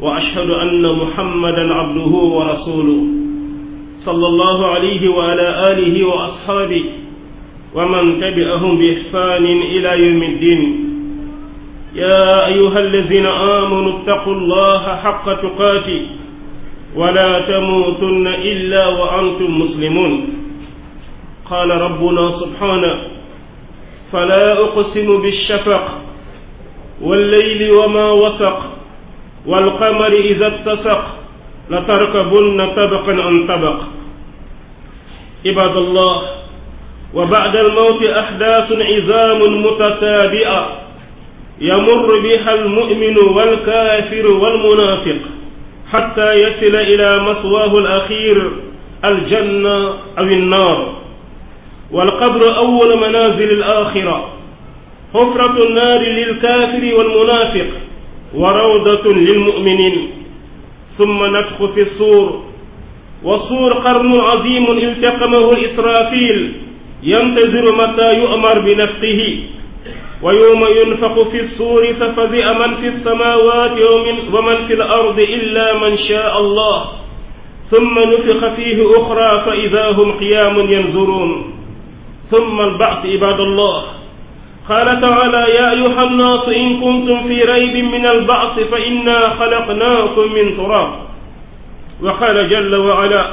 واشهد ان محمدا عبده ورسوله صلى الله عليه وعلى اله واصحابه ومن تبعهم باحسان الى يوم الدين يا ايها الذين امنوا اتقوا الله حق تقاته ولا تموتن الا وانتم مسلمون قال ربنا سبحانه فلا اقسم بالشفق والليل وما وسق walqamari ida btasaq la tarkabunna tabaqan an tabaq ibadallah wa bada almawti axdaasun izaamun mutataabia yamurru biha almuminu walkaafiru walmunaafiq xatta yasila ila maswaahu alaxir aljanna aw innaar walqabru awwalu manaazili alaxira xufratu naari lilkaafiri walmunaafiq wa rawdatun lil mu'minin summa nadxu fi suur wa suur qarnun azimun iltaqamahu israfil yantaziru mata yu'mar bi nafxihi wa yowma yunfaqu fi suuri fa fazi'a man fi samaawaati wa man fi al-ardi illa man shaa allah summa nufixa fiihi uxraa fa idaa hum qiyaamun yanzuruun summa al-ba'th ibaadallah قال تعالى يا أيها الناس إن كنتم في ريب من البعث فإنا خلقناكم من تراب وقال جل وعلا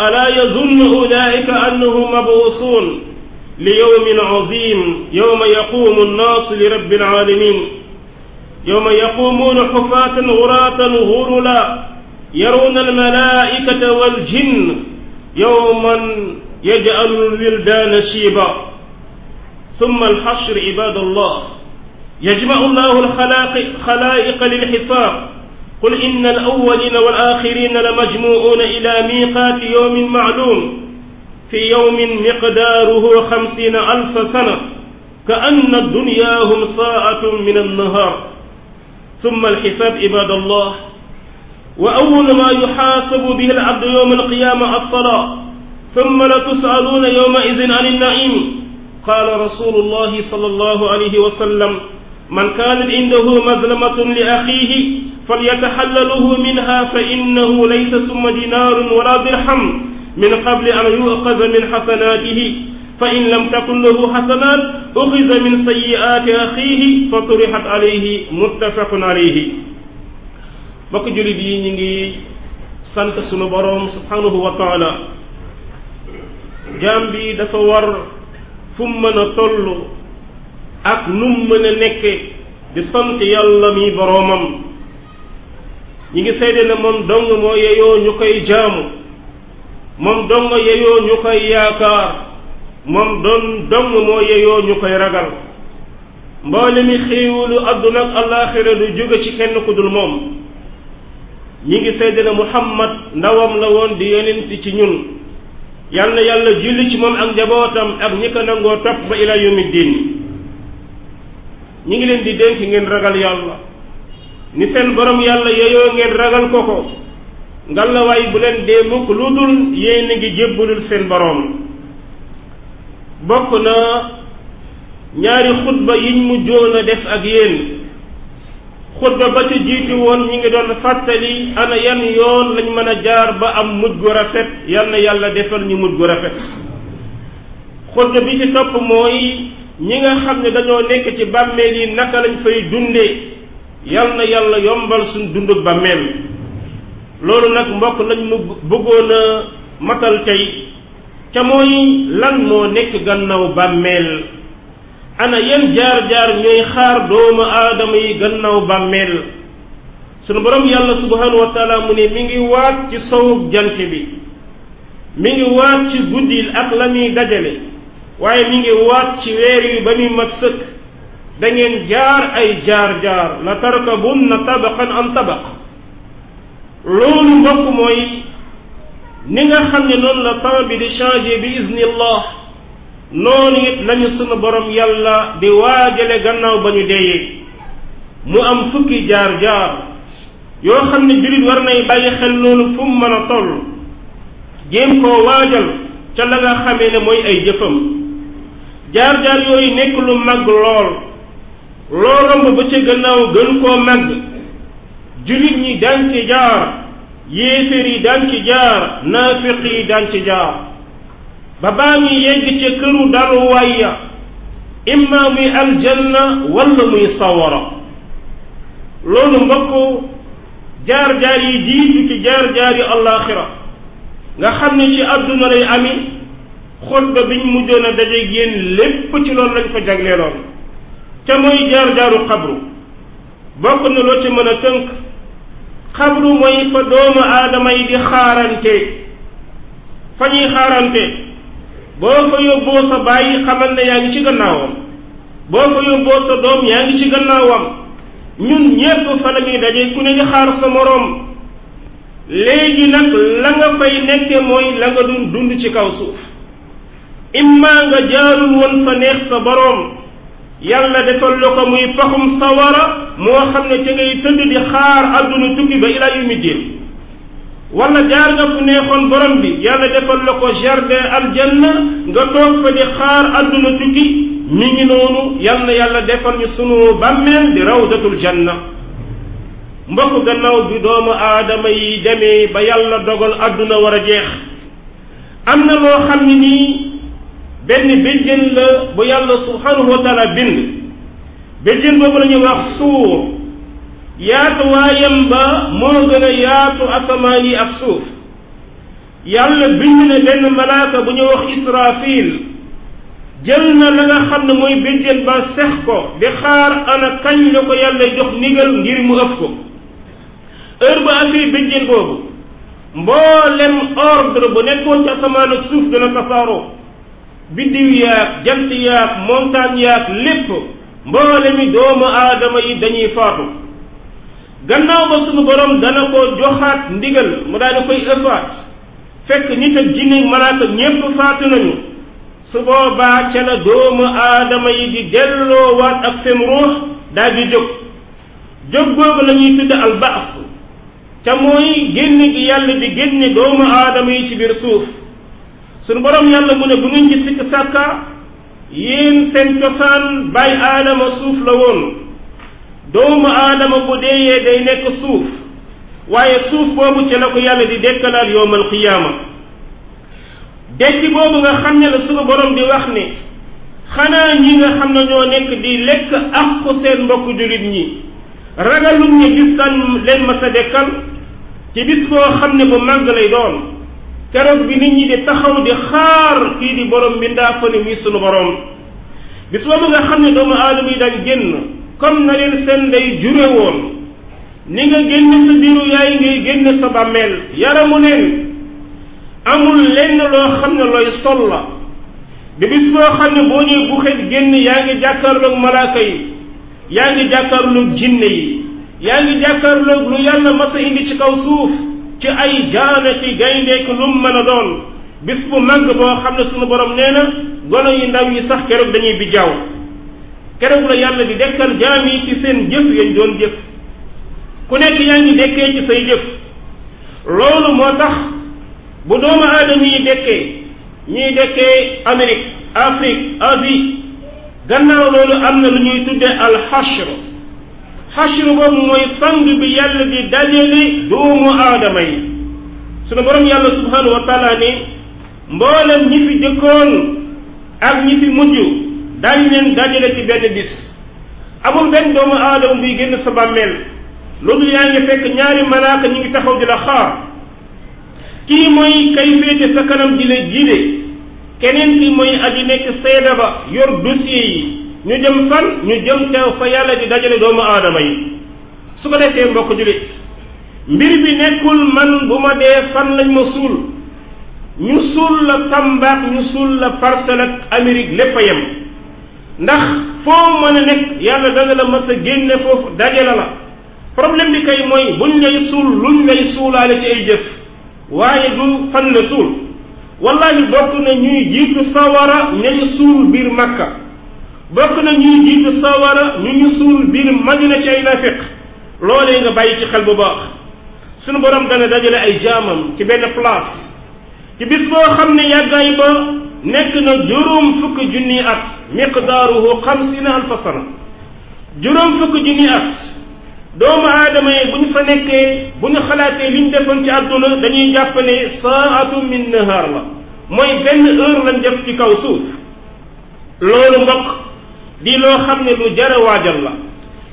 ألا يظن أولئك أنهم مبعوثون ليوم عظيم يوم يقوم الناس لرب العالمين يوم يقومون حفاة غراة غرلا يرون الملائكة والجن يوما يجعل الولدان شيبا ثم الحشر عباد الله يجمع الله الخلائق للحساب قل إن الأولين والآخرين لمجموعون إلى ميقات يوم معلوم في يوم مقداره خمسين ألف سنة كأن الدنيا هم ساعة من النهار ثم الحساب عباد الله وأول ما يحاسب به العبد يوم القيامة الصلاة ثم لتسألون يومئذ عن النعيم قال رسول الله صلى الله عليه وسلم من كان عنده مظلمة لأخيه فليتحلله منها فإنه ليس ثم دينار ولا درهم من قبل أن يؤخذ من حسناته فإن لم تكن له حسنات أخذ من سيئات أخيه فطرحت عليه متفق عليه mbokk jullit yi ñu ngi sant sunu boroom subhanahu wa taala jaam bi dafa war fu mu mën a toll ak nu mën a nekke di sant yàlla mi boroomam ñi ngi seede ne moom dong moo yeyoo ñu koy jaamu moom dong yeyoo ñu koy yaakaar moom doon dong moo yeyoo ñu koy ragal mboole mi xéewalu àdduna ak alaaxira du jóge ci kenn ku dul moom ñi ngi seede ne muhammad ndawam la woon di yonent ci ñun yàlla na yàlla julli ci moom ak njabootam ak ñi ko nangoo topp ba ila yawmi diin ñi ngi leen di dénk ngeen ragal yàlla ni seen borom yàlla yeyoo ngeen ragal ko ko ngalawaay bu leen dee mukk lu dul yéen a ngi jébbalul seen borom bokk na ñaari xutba yiñ mu joon a def ak yéen xutba ba ci jiitu woon ñi ngi doon fàttali ana yan yoon lañ mën a jaar ba am mujj gu rafet yal na yàlla defal ñu mujj gu rafet xutba bi ci topp mooy ñi nga xam ne dañoo nekk ci bàmmeel yi naka lañ fay dunde yal na yàlla yombal suñ dundu bàmmeel loolu nag mbokk lañ mu bëggoon a matal tey ca mooy lan moo nekk gannaaw bàmmeel ana yan jaar-jaar ñooy xaar doomu aadama yi gannaaw bàmmeel sunu borom yàlla subhanahu wa mu ne mi ngi waat ci sowug jant bi mi ngi waat ci guddi ak la muy dajale waaye mi ngi waat ci weer yi ba muy mat sëkk da jaar ay jaar-jaar la tarkabunna tabaqan an tabaq loolu mbokk mooy ni nga xam ne noonu la temps bi di changer bi iznillah noonu it lañu sunu boroom yàlla di waajale gannaaw ba ñu deeyee mu am fukki jaar-jaar yoo xam ne jullit war nay bàyyi xel loolu fu mën a toll jéem koo waajal ca la nga xamee ne mooy ay jëfam jaar-jaar yooyu nekk lu mag lool loo romb ba ca gannaaw gën koo mag jullit ñi daan ci jaar yéeféer yi daan ci jaar naafiq yi daan ci jaar ba baa muy yegg ca këru daluwaay ya imma muy aljanna wala muy sawara loolu mbokk jaar-jaar yi ci jaar-jaar yi allaaxira nga xam ne ci àdduna lay ami xutba biñ mujjoon a dajeeg yéen lépp ci loolu lañ ko jagleeloon ca mooy jaar-jaaru xabru bokk na loo ci mën a tënk xabru mooy fa doomu aadama di xaarante fa ñuy xaarante boo ko yóbboo sa bàyyi xamal ne yaa ngi ci gannaawam boo ko yóbboo sa doom yaa ngi ci gannaawam ñun ñépp fa la ñuy daje ku ne di xaar sa moroom léegi nag la nga fay nekke mooy la nga dun dund ci kaw suuf imma nga jaarul woon fa neex sa boroom yàlla defal la ko muy paxum sawara moo xam ne ca ngay tëdd di xaar àdduna tukki ba ilaa yumi diin wala jaar nga fu neexoon borom bi yàlla defal la ko jardin aljanna nga toog fa di xaar àdduna tukki mi ngi noonu yal yàlla defal ñu sunu bàmmeel di rawdatul janna mbokk gannaaw bi doomu aadama yi demee ba yàlla dogal àdduna war a jeex am na loo xam ni nii benn béjjën la bu yàlla subhanahu wa bind béjjën boobu la wax suur yaatu waayam ba moo gën a yaatu asamaan yi ak suuf yàlla bind na benn malaaka bu ñu wax israfil jël na la nga xam ne mooy béjjén ba sex ko di xaar ana kañ la ko yàlla jox ndigal ngir mu ëf ko heure ba amee béjjén boobu mboolem ordre bu nekkoon ci asamaan ak suuf dana tasaaroo biddiw yaag jant yaag montagne yaag lépp mboolemi doomu aadama yi dañuy faatu gannaaw ba suñu borom dana ko joxaat ndigal mu daal di koy ëppaat fekk nit ak jinne malaaka ñépp faatu nañu su boobaa ca la doomu aadama yi di delloo waat ak seen ruux daal jóg jóg googu la ñuy tudd albaas mooy génne gi yàlla di génne doomu aadama yi ci biir suuf suñu borom yàlla mu ne bu ngeen ci sikk sàkka yéen seen cosaan bàyyi aadama suuf la woon doomu aadama bu deeyee day nekk suuf waaye suuf boobu ci la ko yàlla di dekkalaal yowmal qiyaama dekki boobu nga xam ne la suñu borom di wax ne xanaa ñi nga xam na ñoo nekk di lekk ak seen mbokk jullit ñi ragalul ñi bis tan leen ma sa dekkal ci bis boo xam ne bu màgg lay doon keroog bi nit ñi di taxaw di xaar kii di borom bi ndaa fa ni muy sunu boobu nga xam ne doomu aadama yi daan génn comme na leen seen ndey jure woon ni nga génn sa biiru yaay ngay génn sa bàmmeel yaramu neen amul lenn loo xam ne looy sol la bi bis boo xam ne boo ñëwee bu xet génn yaa ngi jàkkaarloog malaaka yi yaa ngi jàkkaarloog jinne yi yaa ngi jàkkaarloog lu yàlla mas a indi ci kaw suuf ci ay jaane ci gayndeek lu mu mën a doon bis bu màgg boo xam ne sunu borom nee na gone yi ndaw yi sax keroog dañuy bijaaw keroog la yàlla di dekkal jaam yi ci seen jëf yañ doon jëf ku nekk yaa ngi dekkee ci say jëf loolu moo tax bu doomu aadama yi dekkee ñuy dekkee Amérique Afrique Asie gannaaw loolu am na lu ñuy tuddee alxashr xashr boobu mooy sang bi yàlla di dajale doomu aadama yi sunu borom yàlla subhanahu wa ne mboolem ñi fi jëkkoon ak ñi fi mujj daañu leen dajale ci benn bis amul benn doomu aadama buy génn sa bàmmeel loolu yaa ngi fekk ñaari malaaka ñu ngi taxaw di la xaar kii mooy kay féete sa kanam di la jiite keneen kii mooy aji nekk seede ba yor dossier yi ñu jëm fan ñu jëm teew fa yàlla di dajale doomu aadama yi su ko defee mbokk jullit mbir bi nekkul man bu ma dee fan lañ ma suul ñu suul la Tamba ñu suul la Parcelles ak Amérique lépp a yem ndax foo mën a nekk yàlla danga la mas a génne foofu dajale la problème bi kay mooy buñ lay suul luñ lay suulaale ci ay jëf waaye du fan la suul wallaahi bokk na ñuy jiitu sawara ñañu suul biir makka bokk na ñuy jiitu sawara ñu ñu suul biir madina ci ay nafiq loolee nga bàyyi ci xel bu baax suñu borom dana dajale ay jaamam ci benn place ci bis boo xam ne yàggaay ba nekk na juróom fukk junni at miqdaaruhu xamsina alfa sana juróom fukk junni at doomu aadama yi bu ñu fa nekkee bu ñu xalaatee li ñu defoon ci àdduna dañuy jàpp ne saatu min nahaar la mooy benn heure lañ ci kaw suuf loolu mbokk di loo xam ne lu jara waajal la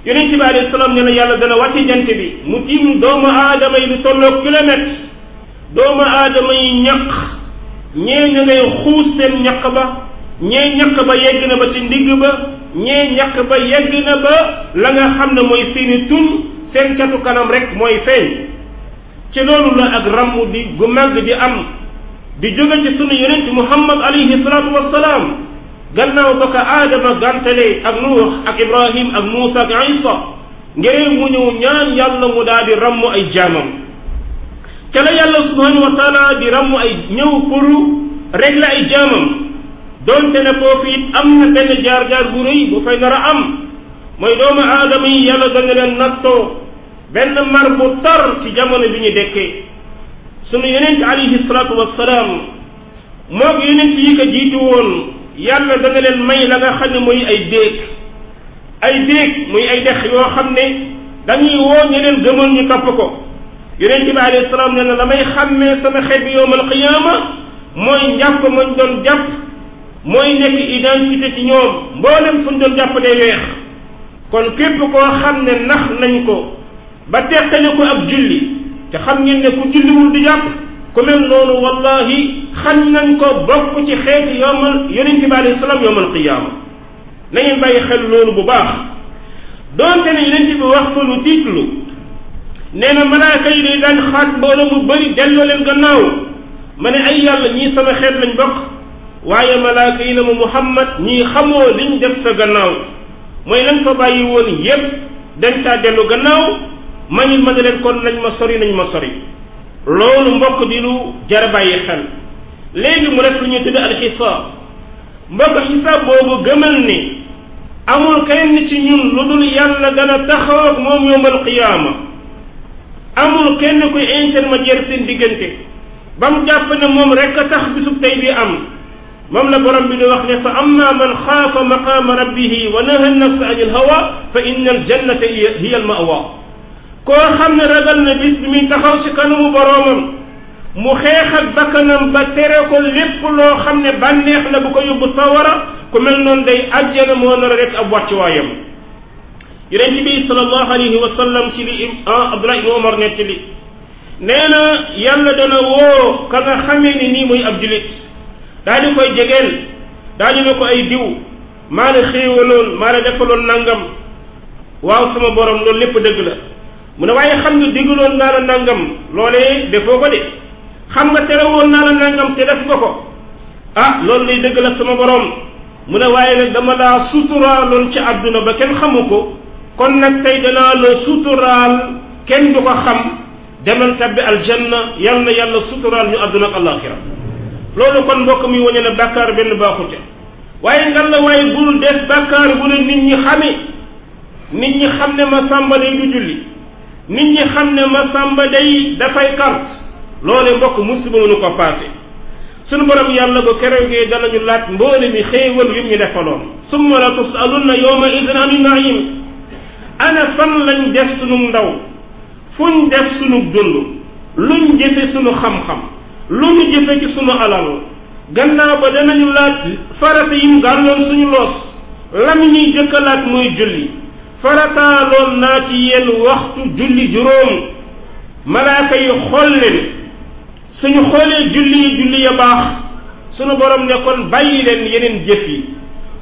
yonent bi alayhi salaam ne la yàlla dana wàcce jant bi mu tiim doomu aadama yi lu tolloog kilomètre doomu aadama yi ñaq ñee ña ngay xuus seen ñaq ba ñee ñaq ba yegg na ba ci ndigg ba ñee ñaq ba yegg na ba la nga xam ne mooy seeni tun seen catu kanam rek mooy feeñ ci loolu la ak rammu bi gu màgg di am di jóge ci sunu yonent muhammad alayhi salaatu wassalaam gannaaw ba ko aadama gàntale ak nuux ak ibrahim ak muusa ak isa ngeen mu ñëw ñaan yàlla mu daal di ramm ay jaamam ca la yàlla subhanahu wa taala di ràmm ay ñëw pour la ay jaamam doonte ne foofu it am na benn jaar-jaar bu rëy bu fay nar a am mooy doomu aadama yi yàlla dana leen nattoo benn mar bu tar ci jamono bi ñu dekkee sunu yonent alayhi salaatu wassalaam moo ko yonent yi ko jiitu woon yàlla dana leen may la nga xam ne mooy ay déeg ay déeg muy ay dex yoo xam ne dañuy woo ñeneen gëmoon ñu topp ko yonent bi alayhi salaam ne na la may xàmmee sama xet bi yowmal qiyaama mooy njàpp mañ doon jàpp mooy nekk identité ci ñoom mboolem fu ñu doon jàpp day weex kon képp koo xam ne nax nañ ko ba teqale ko ak julli te xam ngeen ne ku julliwul du jàpp ku mel noonu wallahi xam nañ ko bokk ci xeeti yowmal yonent bi alayhi salaam yowmal qiyaama na ngeen bàyyi xel loolu bu baax doonte ne yonent bi wax ko lu tiitlu nee na malaaka yi day daan xaaj mbooloo mu bëri delloo leen gannaaw ma ne ay yàlla ñii sama xeet lañ bokk waaye malaaka yi ne ma muhammad ñii xamoo liñ dem sa gannaaw mooy lañ fa bàyyi woon yépp dañ caa dellu gannaaw ma ñu ma ne leen kon nañ ma sori nañ ma sori loolu mbokk di lu jar a bàyyi xel léegi mu def lu ñuy tudde alxisaab mbokk xisaab boobu gëmal ni amul kenn ci ñun lu dul yàlla dana taxaw ak moom yowmal qiyaama amul kenn kuy intermédiaire seen diggante ba mu jàpp ne moom rek a tax bisub tey bi am moom la borom bi di wax ne fa amma man xaafa maqaama rabbihi wa naha nafsa an ilhawa fa inna aljannata hiya almawa koo xam ne ragal na bis bi muy taxaw ci kanamu boroomam mu xeex ak bakkanam ba tere ko lépp loo xam ne bànneex la bu ko yóbbu sawara ku mel noon day àjjana moo nar a rek ab wàccuwaayam yonent bi sallallahu alayhi wa sallam ci li ah, Abdullah ibn Omar nettali nee na yàlla dana woo ka nga xamee ni nii muy ab julit daañu koy jegeel daañu ne ko ay diw maa la xéewaloon maa la defaloon nangam waaw sama borom loolu lépp dëgg la mu ne waaye xam nga digaloon naa la nangam loolee defoo ko de xam nga woon naa la nangam te def nga ko ah loolu lay dëgg la sama borom mu ne waaye nag dama laa suturaaloon ci àdduna ba kenn xamu ko kon nag tey danaa la suturaal kenn du ko xam demal tabbi aljanna yal na yàlla suturaal ñu àdduna ak alaxira loolu kon mbokk mi wañe ne bàkkaar benn baaxute waaye ngan la waaye bul des bàkkaar bu la nit ñi xamee nit ñi xam ne ma sàmba day du julli nit ñi xam ne ma sàmba day dafay kart loole mbokk musiba mënu ko paase sunu borom yàlla ba keroogee danañu laaj mboole mi xéewal yim ñu defaloon summa la tusalunna yawma idin ani naim ana fan lañ def sunu ndaw fuñ def sunu dund luñ jëfe sunu xam-xam lu ñu jëfe ci sunu alal gannaaw ba danañu laaj farata yi mu gàlloon suñu loos lam ñuy jëkkalaat mooy julli farataaloon naa ci yenn waxtu julli juróom malaaka yi xool leen suñu xoolee julli yi julli ya baax suñu borom ne kon bàyyi leen yeneen jëf yi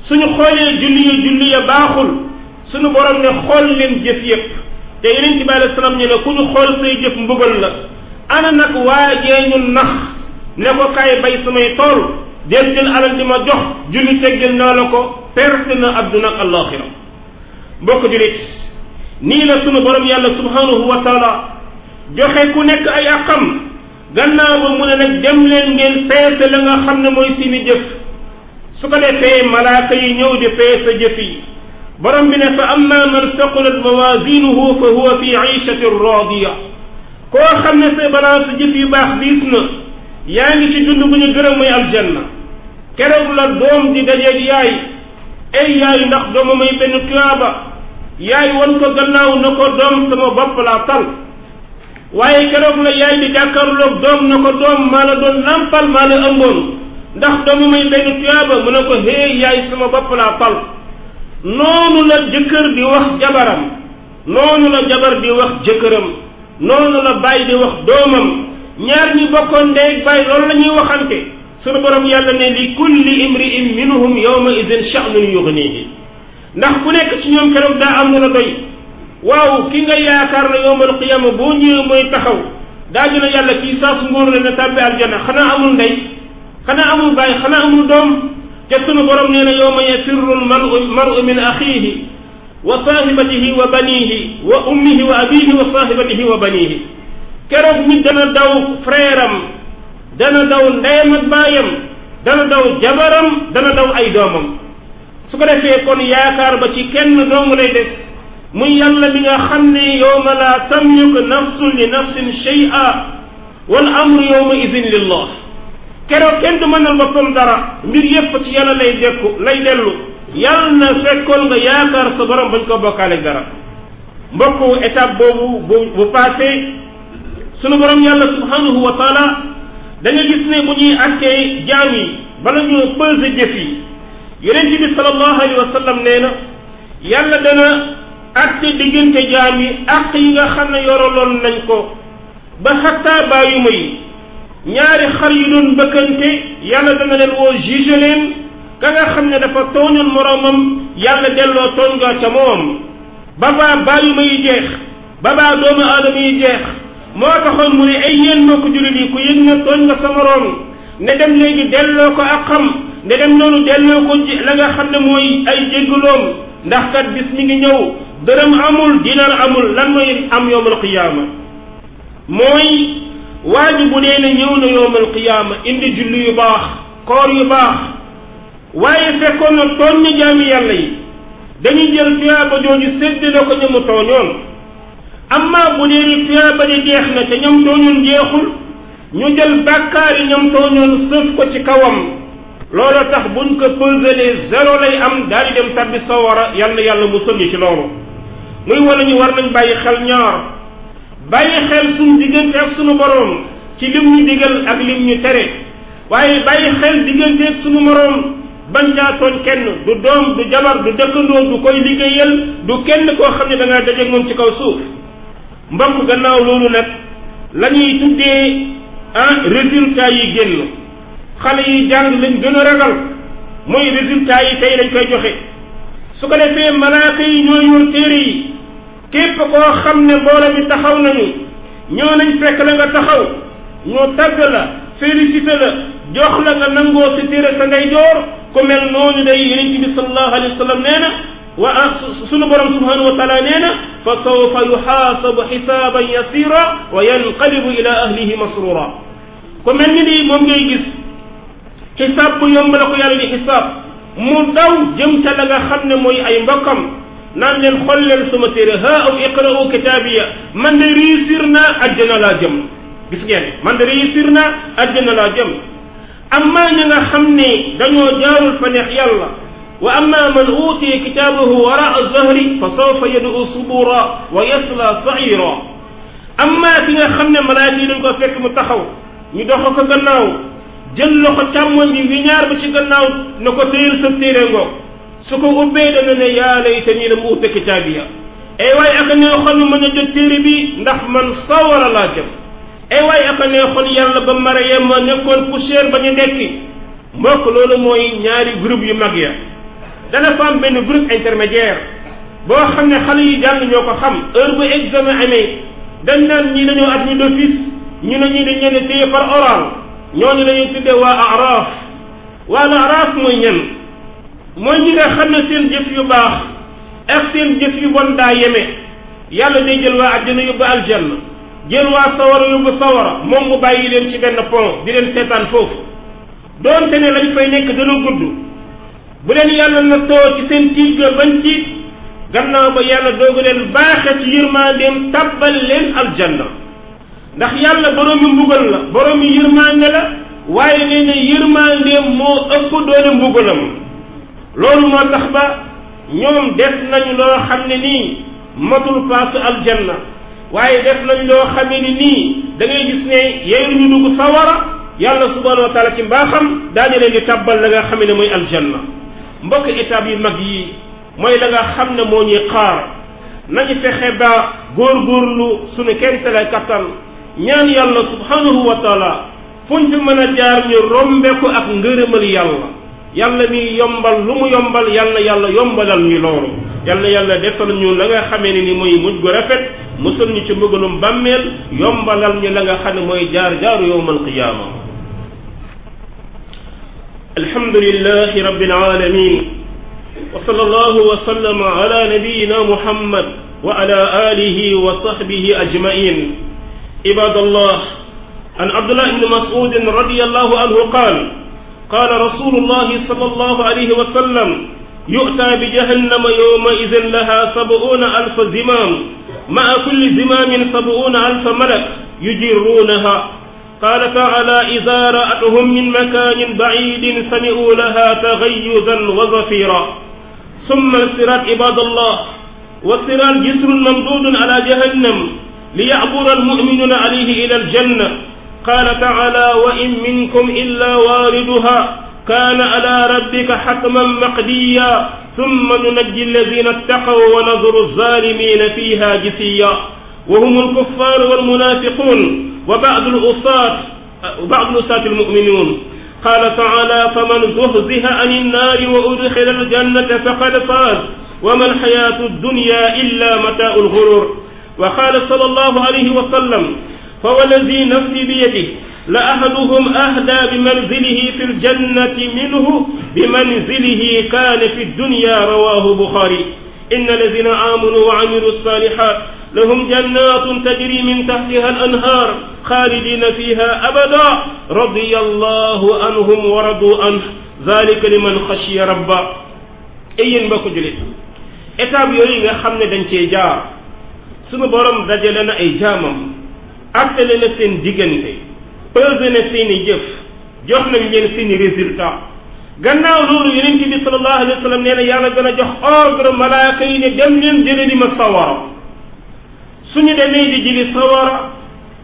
suñu xoolee julli yi julli ya baaxul sunu borom ne xool leen jëf yépp de yeneen ci bàyyi salaam ñu ne ku ñu xool say jëf mbugal la ana nag waajee ñu nax ne ko kaay bay samay tool del alal di ma jox julli teggil naa la ko perte na adduna ak allaaxira mbokk jullit nii la sunu borom yàlla subhanahu wa taala joxe ku nekk ay àqam gannaaw ba mu ne nag dem leen ngeen peese la nga xam ne mooy seeni jëf su ko defee malaaka yi ñëw di peese jëf yi borom bi ne fa amma man saqulat mawazinuhu fa huwa fi ishatin radiya koo xam ne sa balance jëf yu baax diis na yaa ngi ci dund bu ñu gërëm muy aljanna keroog la doom di dajeeg yaay ay yaay ndax dooma may benn tuyaaba yaay wan ko gannaaw na ko doom sama bopp laa tal waaye keroog la yaay di jàkkaarloog doom na doom maa la doon nàmpal maa la ëmboon ndax dooma may benn tuyaaba mu ne ko yaay sama bopp laa tal noonu la jëkkër di wax jabaram noonu la jabar di wax jëkkëram noonu la baay di wax doomam ñaar ñi bokkoon ndey baay loolu la ñuy waxante sunu borom yàlla ne li kulli imri'in minhum yawma idin sha'nun yughnihi ndax ku nekk ci ñoom keroog da am na la doy waaw ki nga yaakaar na yawmal qiyama boo ñëwee mooy taxaw daañu ne yàlla kii saas nguur la na tàbbi aljana xanaa amul ndey xanaa amul baay xanaa amul doom te sunu borom nee na yawma yafirru al-mar'u min axiihi wa saahibatihi wa baniihi wa ummihi wa abiihi wa saahibatihi wa baniihi keroog nit dana daw frère am dana daw ndeyam ak baayam dana daw jabaram dana daw ay doomam su ko defee kon yaakaar ba ci kenn doomu lay des muy yàlla mi nga xam ne yawma laa tamliku nafsun li nafsin shay'a wal amru yawma idin lillah keroog kenn du mënal boppam dara mbir yépp ci yàlla lay dekku lay dellu yàlla na fekkoon nga yaakaar sa borom bañ koo bokkaale dara mbokku étape boobu bu bu passé sunu borom yàlla subhanahu wa taala da nga gis ne bu ñuy àttee jaam yi bala ñu peser jëf yi yonent bi sallallahu alayhi wa nee na yàlla dana àtte diggante jaam yi àq yi nga xam ne yoroloon nañ ko ba xattaa bàyyi ma ñaari xar yu doon bëkkante yàlla dana leen woo juge leen ka nga xam ne dafa tooñoon moroomam yàlla delloo tooñ nga ca moom babaa bàyyuma yi jeex babaa doomu aadama yi jeex moo taxoon mu ne ay yéen mbokk jullit yi ku yëg ne tooñ nga sa moroom ne dem léegi delloo ko ak xam ne dem noonu delloo ko ji la nga xam ne mooy ay jéggaloom ndax kat bis mi ngi ñëw dërëm amul dinar amul lan mooy am yowmal qiyaama mooy waa ji bu nee na ñëw na yowmal qiyaama indi julli yu baax koor yu baax waaye fekkoon na tooñ na jaami yàlla yi dañuy jël tuyaaba jooju séddale ko ña mu tooñoon amma bu dee ni tuyaaba di jeex na te ñam tooñoon jeexul ñu jël bàkkaar yi ñam tooñoon sëf ko ci kawam loola tax buñ ko pesalee zéro lay am daal di dem tabbi sawara yàlla yàlla mu sëñ ci loolu muy wala ñu war nañ bàyyi xel ñaar bàyyi xel suñu diggante ak suñu boroom ci lim ñu digal ak lim ñu tere waaye bàyyi xel diggante ak suñu moroom bañ caa tooñ kenn du doom du jabar du dëkkandoo du koy liggéeyal du kenn koo xam ne da ngaa moom ci kaw suuf mbokk gannaaw loolu nag la ñuy tuddee ah résultat yi génn xale yi jàng lañ gën a ragal mooy résultat yi tey lañ koy joxe su ko defee malaaka yi ñoo yor téere yi képp koo xam ne mbooloo mi taxaw nañu ñoo nañ fekk la nga taxaw ñu tagg la félicité la jox la nga nangoo sa téere sa joor ku mel noonu day yonent bi sallallahu alayhi wa sallam wa ah, sunu borom subhanahu wa taala nee na fa sawfa yuxaasabu xisaaban yasira wa yanqalibu ila ahlihi masrura ku mel gis xisaab bu yomb la ko yàlla di xisaab mu daw jëm ca la nga xam ne mooy ay mbokkam naan leen xool leen aw iqra'u kitaabiya man de réussir naa àjjana laa jëm gis ngeen man de réussir naa àjjana laa jëm amma ña nga xam ne dañoo jaarul fa neex yàlla wa amma man utiya kitaabahu waraa zahri fa sawfa yad'u subura wa yasla sa'ira amma ki nga xam ne malaaka yi ko fekk mu taxaw ñu dox ko gannaaw jël loxo càmmoñ bi wi ñaar ba ci gannaaw na ko téyel sa su ko ubbee dana ne yaa laytanii lam uuta kitaabiya ay waay aka neexoon mën a jot téere bi ndax man sawara laa jëm ay waay aka neexoon yàlla ba mara yem ma nekkoon poussière ba ñu nekki mbokk loolu mooy ñaari groupe yu mag ya dana fa am benn groupe intermédiaire boo xam ne xale yi jàng ñoo ko xam heure bu examen amee dañ naan ñi dañoo at ñu d'office ñu ne ñi dañ leen par oral ñooñu la ñuy tuddee waa araaf waa araaf mooy ñan mooy ñi nga xam ne seen jëf yu baax ak seen jëf yu bon daa yeme yàlla day jël waa àjjana yóbbu aljanna jël waa sawara yóbbu sawara moom mu bàyyi leen ci benn pont di leen seetaan foofu doonte ne lañ fay nekk dana gudd bu leen yàlla na too ci seen tiit ga bañ gannaaw ba yàlla doogu leen baaxe ci yërmaandeem tàbbal leen aljanna ndax yàlla boroomi mbugal la boroomi yërmaande la waaye nee na yërmaandeem moo ëpp doole mbugalam loolu moo tax ba ñoom def nañu loo xam ne nii matul place aljanna waaye def nañ loo xam ne nii da ngay gis ne yeeyu ñu dugg sawara yàlla subhanahu wa taala ci mbaaxam daañu leen di tàbbal la nga xam ne mooy aljanna mbokk étape yu mag yi mooy la nga xam ne moo ñuy xaar nañu fexe ba su suñu kenn la kattan ñaan yàlla subhanahu wa taala fuñ fi mën a jaar ñu rombe ko ak ngërëmal yàlla yàlla mi yombal lu mu yombal yàlla yàlla yombalal ñu loolu yàlla yàlla defal ñu la nga xamee ne ni mooy mujj gu rafet musal ñu ci mbugalum bàmmeel yombalal ñu la nga xam ne mooy jaar jaaru yowmal qiyaama alhamdulilahi rabbil alamin wa sallallahu wa sallama ala nabiyina muhammad wa ala alihi wa sahbihi ajmain ibadallah an abdullah ibn mas'ud radiyallahu anhu qaal qaala rasulullahi sallallahu alayhi wa sallam yu'taa bi jahannama yawma'izin lahaa sab'uuna alfa zimaam ma'a kulli zimaamin sab'uuna alfa malak yujirruunahaa qaala ta'aalaa izaa ra'awhum min makaanin ba'iidin sami'uu lahaa taghayyuzan wa zafiiraa summa siraat ibaadallah wa siraat jisrun mamduudun alaa jahannam liya'bura almu'minuuna alayhi ilaa aljanna قال تعالى وإن منكم إلا واردها كان على ربك حتما مقديا ثم ننجي الذين اتقوا ونذر الظالمين فيها جثيا وهم الكفار والمنافقون وبعض الأصاة وبعض الأصاة المؤمنون قال تعالى فمن زهزه عن النار وأدخل الجنة فقد فاز وما الحياة الدنيا إلا متاع الغرور وقال صلى الله عليه وسلم fa wallazi nafsi bi yadihi la ahaduhum ahda bi manzilihi fi ljannati minhu bi manzilihi kaana fi dunya rawahu buxaari inna allazina aamanu wa amilu saalihaat lahum jannaatun tajri min taxtiha al anhaar xaalidina fiha abada radiya allahu anhum wa radu anhu zalika liman xashiya rabba ay yéen mbokk jullit étape yooyu nga xam ne dañ cee jaar sunu borom dajale na ay jaamam attale na seen diggante pesé na jëf jox nañ leen seen i résultat gannaaw loolu yonent bi sallallahu alayhi wa sallam nee na yàlla gën a jox ordre malaaka yi ne dem leen jële di ma sawara suñu demee di jili sawara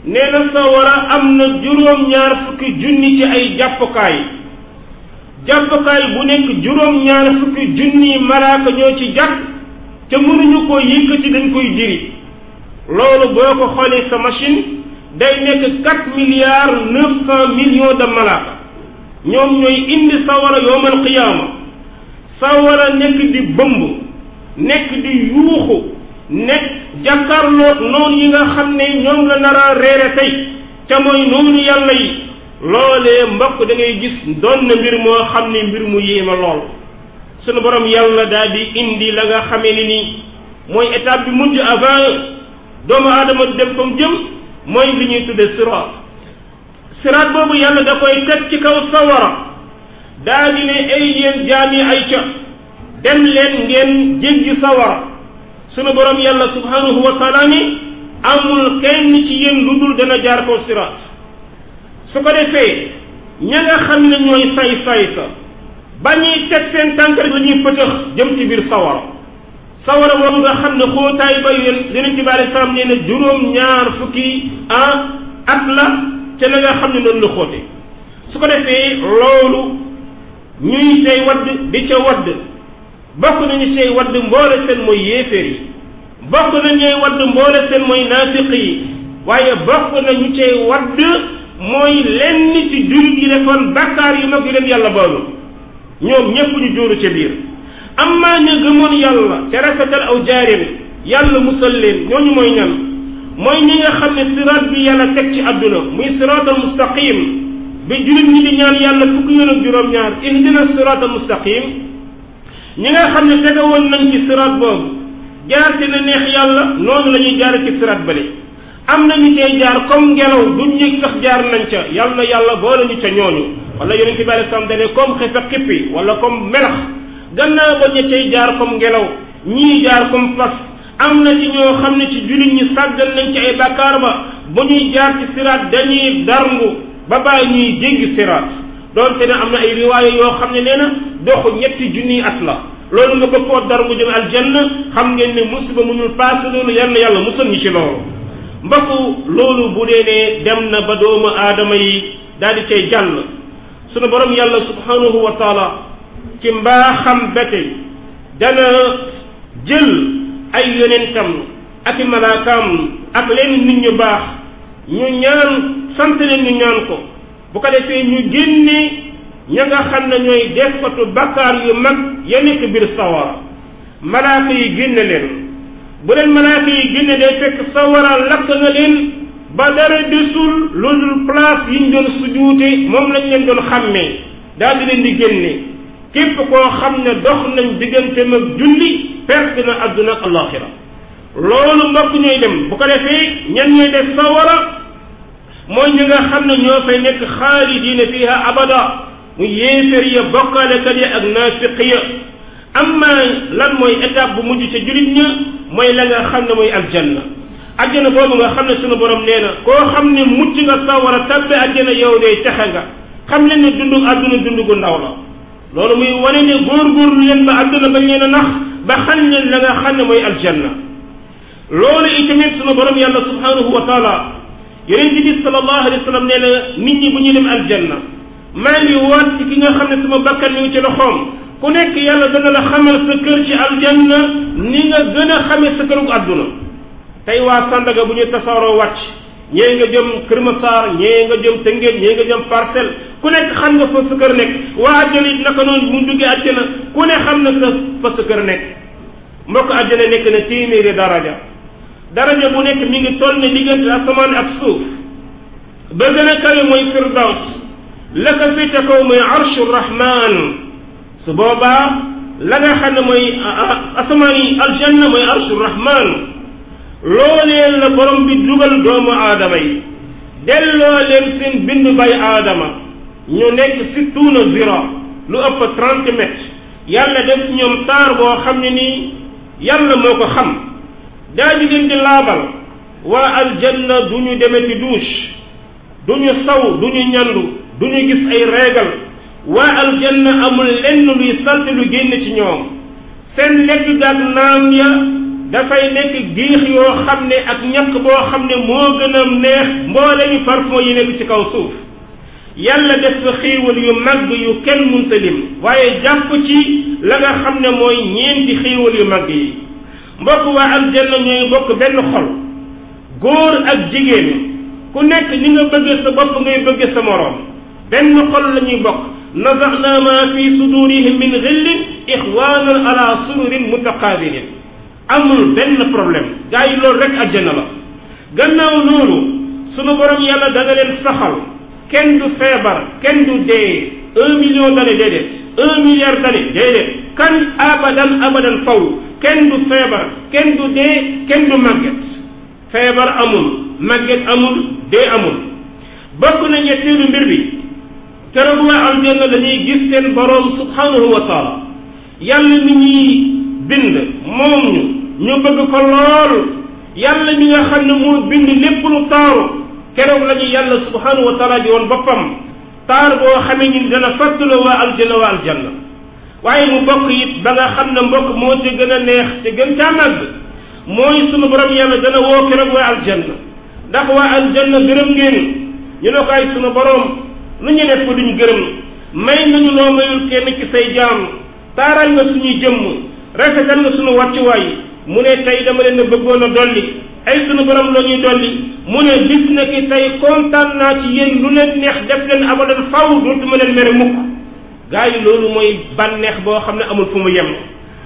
nee sawara am na juróom-ñaar fukki junni ci ay jàppukaay jàppukaay bu nekk juróom-ñaar fukki junni malaaka ñoo ci jàpp te mënuñu ko yëkkati dañ koy diri loolu boo ko xoolee sa machine day nekk quatre milliards neuf cent millions de malaaka ñoom ñooy indi sawara yowmal qiyaama sawara nekk di bëmb nekk di yuuxu nekk jàkkaarloo noonu yi nga xam ne ñoom la nara reere tey te mooy noonu yàlla yi loolee mbokk da ngay gis doon na mbir moo xam ne mbir mu yéema lool sunu borom yàlla daal di indi la nga xame ni nii mooy étape bi mujj avant doomu aadama di dem fa mu jëm mooy li ñuy tudde siraat siraat boobu yàlla da koy teg ci kaw sawara daa di ne ay yéen jaam yi ay ca dem leen ngeen jéggi sawara sunu borom yàlla subhanahu wa ni amul kenn ci yéen lu dul dana jaar kaw siraat su ko defee ña nga xam ne ñooy say say sa ba ñuy teg seen tànk rek ñuy pëtëx jëm ci biir sawara sawara moom nga xam ne xóotaay ba yonent bi alei salaam nee na juróom ñaar fukki ah at la ca na nga xam ne noonu la su ko defee loolu ñuy cay wadd di ca wadd bokk nañu cay wadd mboole seen mooy yéeféer yi bokk nañu cay wadd mooy waaye bokk nañu cay wadd mooy lenn ci jur yi defoon bàkkaar yu mag yu leen yàlla baalu ñoom ñëpp ñu jóoru ca biir am amma ña gëmoon yàlla te rafetal aw jaareem yàlla musal leen ñooñu mooy ñan mooy ñi nga xam ne siraat bi yàlla teg ci àdduna muy siraat al mustaqim bi jullit ñi di ñaan yàlla fukki yoon ak juróom-ñaar ihdina siraat al mustaqim ñi nga xam ne tegawoon nañ ci siraat boobu jaar ci na neex yàlla noonu la ñuy jaar ci siraat bale am na ñu cay jaar comme ngelaw duñ yëg sax jaar nañ ca yàlla na yàlla boole ñu ca ñooñu wala yonente bi alei salam dane comme xef a wala comme melax gannaaw ba ña cay jaar comme ngelaw ñii jaar comme fas am na ci ñoo xam ne ci jullit ñi sàggal nañ ci ay bàkkaar ba bu ñuy jaar ci siraat dañuy darngu ba bàyyi ñuy jéggi siraat doonte ne am na ay riwaaya yoo xam ne nee na doxu ñetti junniy at la loolu nga bëgg koo darngu jëm aljanna xam ngeen ne musiba mënul paase loolu yal na yàlla musal ñi ci loolu mbokku loolu bu dee ne dem na ba doomu aadama yi daal di cay jàll sunu borom yàlla subhanahu wa ci mbaaxam ba tey dana jël ay yonentam ak i malaakaam ak leen nit ñu baax ñu ñaan sant leen ñu ñaan ko bu ko defee ñu génne ña nga xam ne ñooy defatu bakkaar yu mag yenn ci biir sawara malaaka yi génne leen bu leen malaaka yi génne day fekk sawara lakk nga leen ba dara desul lu dul place yi ñu doon sujuute moom lañu leen doon xàmmee daal di leen di génne képp koo xam ne dox nañ digganteem ak julli perte na adduna ak alaxira loolu mbokk ñuy dem bu ko defee ñan ñuy def sawara mooy ñi nga xam ne ñoo fay nekk xaalidina fiha abada mu yéefér ya bokkaalekat ya ak naafiq ya amma lan mooy étape bu mujj ca jullit ña mooy la nga xam ne mooy aljanna ajjana boobu nga xam ne sunu borom nee na koo xam ne mucc nga sawara tabbe ajjana yow day texe nga xam leen ne dund àdduna dund gu ndaw la loolu muy wane ne góorgóorlu leen ba àdduna bañ leen a nax ba xañ leen la nga xam ne mooy aljanna loolu itamit sunu borom yàlla subhanahu wa taala yonente bi sallallahu alayhi wa sallam nee na nit ñi bu ñuy dem aljanna maa ngi waat ci ki nga xam ne sama bakkan mi ngi ci loxoom ku nekk yàlla dana la xamal sa kër ci aljanna ni nga gën a xamee sa këru àdduna tey waa Sandaga bu ñuy tasaaroo wàcc ñee nga jëm Kër Masar ñee nga jëm Tëngéej ñee nga jëm Parcelles ku nekk xam nga fa sa kër nekk waa àjjana it naka noonu bu mu duggee àjjana ku ne xam na sa fa sa kër nekk mbokk àjjana nekk na téeméeri daraja daraja bu nekk mi ngi toll ne diggante asamaan ak suuf ba gën mooy firdaws la ko féete kaw mooy arshu rahman su boobaa xam ne mooy asamaan yi aljanna mooy arshu rahman bi dugal doomu aadama yi delloo leen seen bay aadama ñu nekk si tuuna zira lu ëpp trente mètres yàlla def ñoom taar boo xam ne nii yàlla moo ko xam daa di leen laabal waa aljanna du ñu demee ci douche du ñu saw du ñandu du gis ay réegal waa aljanna amul lenn luy salte lu génn ci ñoom seen lekk gaag naam ya dafay nekk giix yoo xam ne ak ñàkk boo xam ne moo gën a neex mboole ñu parfum yi nekk ci kaw suuf yàlla def fa xéewal yu mag yu kenn munta lim waaye jàpp ci la xam ne mooy ñeenti xéewal yu mag yi mbokk waa aljanna ñooy bokk benn xol góor ak jigéen ku nekk ni nga bëgg sa bopp ngay bëgg sa moroom benn xol la ñuy bokk nazaxna ma fi sudurihim min xillin ixwaanan ala sururin mutaqaabilin amul benn problème gars yi loolu rek aljanna la gannaaw loolu sunu borom yàlla dana leen saxal kenn du feebar kenn du dee un million d'années déedéet un milliard d'années déedéet kan abadan abadan faw kenn du feebar kenn du dee kenn du màgget feebar amul màgget amul dee amul bokk na ñetteelu mbir bi keroog waa aljanna dañuy gis seen boroom subhanahu taala yàlla mi ñuy bind moom ñu ñu bëgg ko lool mi nga xam ne moo bind taaru keroog la ñu yàlla subhanahu wa taala ji woon boppam taar boo xamee ni dana fàttala waa aljana waa aljanna waaye mu bokk it ba nga xam ne mbokk moo ci gën a neex te gën caa màgg mooy sunu borom yàlla dana woo keroog waa aljanna ndax waa aljanna gërëm ngeen ñu ne ko ay sunu borom lu ñu def ko duñ gërëm may nañu loo mayul kenn ci say jaam taaral nga suñuy jëmm rafetal nga suñu wàccuwaay mu ne tey dama leen a bëggoon a dolli ay sunu borom la ñuy dolli mu ne bis na ki tey kontaan naa ci yéen lu leen neex def leen abadan faw dootuma leen mere mukk gaa yi loolu mooy bànneex boo xam ne amul fu mu yem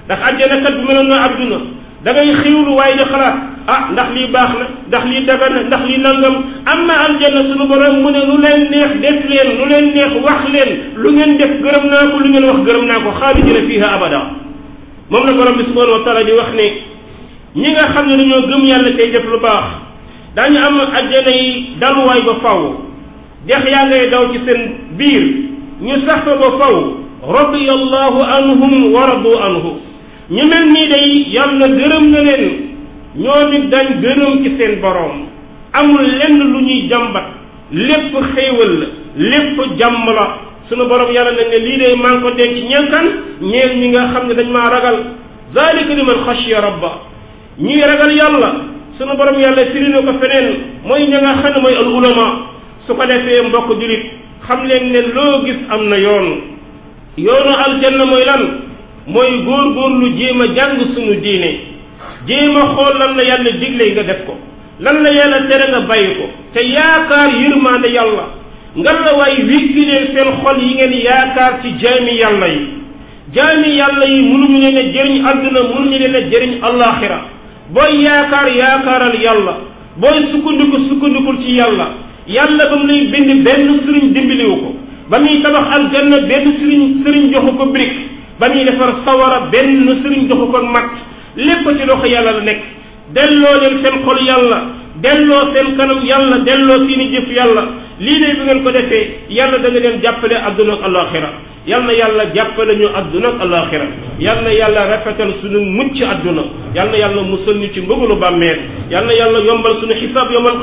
ndax àjjana kat bu meloon na àdduna da ngay xiwlu waaye di xalaat ah ndax lii baax na ndax lii dagan na ndax lii nangam am na aljanna sunu borom mu ne lu leen neex def leen lu leen neex wax leen lu ngeen def gërëm naa ko lu ngeen wax gërëm naa ko xaalidina fiiha abada moom la borom bi subhanahu wa taala di wax ne ñi nga xam ne dañoo gëm yàlla tey def lu baax daañu am na yi daluwaay ba faw dex yaa ngay daw ci seen biir ñu sax fa ba faw radiyallahu anhum wa radu anhu ñu mel nii day yàlla gërëm na leen ñoom it dañ gërëm ci seen boroom amul lenn lu ñuy jàmbat lépp xéewal la lépp jàmm la sunu boroom yàlla nañ ne lii day maa ngi ko denc ñeel kan ñi nga xam ne dañ maa ragal zalika liman rab rabba ñuy ragal yàlla sunu borom yàlla firi na ko feneen mooy ña nga xam ne mooy al su ko defee mbokk julit xam leen ne loo gis am na yoon yoonu aljanna mooy lan mooy góorgóorlu jéem a jàng sunu diine jéem a xool lan na yàlla digle nga def ko lan la yàlla tere nga bàyyi ko te yaakaar yërmaande yàlla ngan la waay wékki leen seen xol yi ngeen yaakaar ci jaami yàlla yi jaami yàlla yi mënuñu leen a jëriñ àdduna mënuñu leen a jëriñ allaaxira booy yaakaar yaakaaral yàlla booy sukkandiku sukkandikul ci yàlla yàlla ba mu lay bind benn sëriñ dimbaliwu ko ba muy tabax aljanna benn sëriñ sëriñ joxu ko brique ba muy defar sawara benn sëriñ joxu ko matt lépp ci loxo yàlla la nekk delloo leen seen xol yàlla delloo seen kanam yàlla delloo seeni jëf yàlla lii de bu ngeen ko defee yàlla da nga leen jàppale adduna ak alaxira yal na yàlla jàppale ñu adduna ak alaxira yal na yàlla rafetal suñu mucc adduna yal na yàlla musal ñu ci mbëgalu bàmmeel yal na yàlla yombal suñu xisaab yombal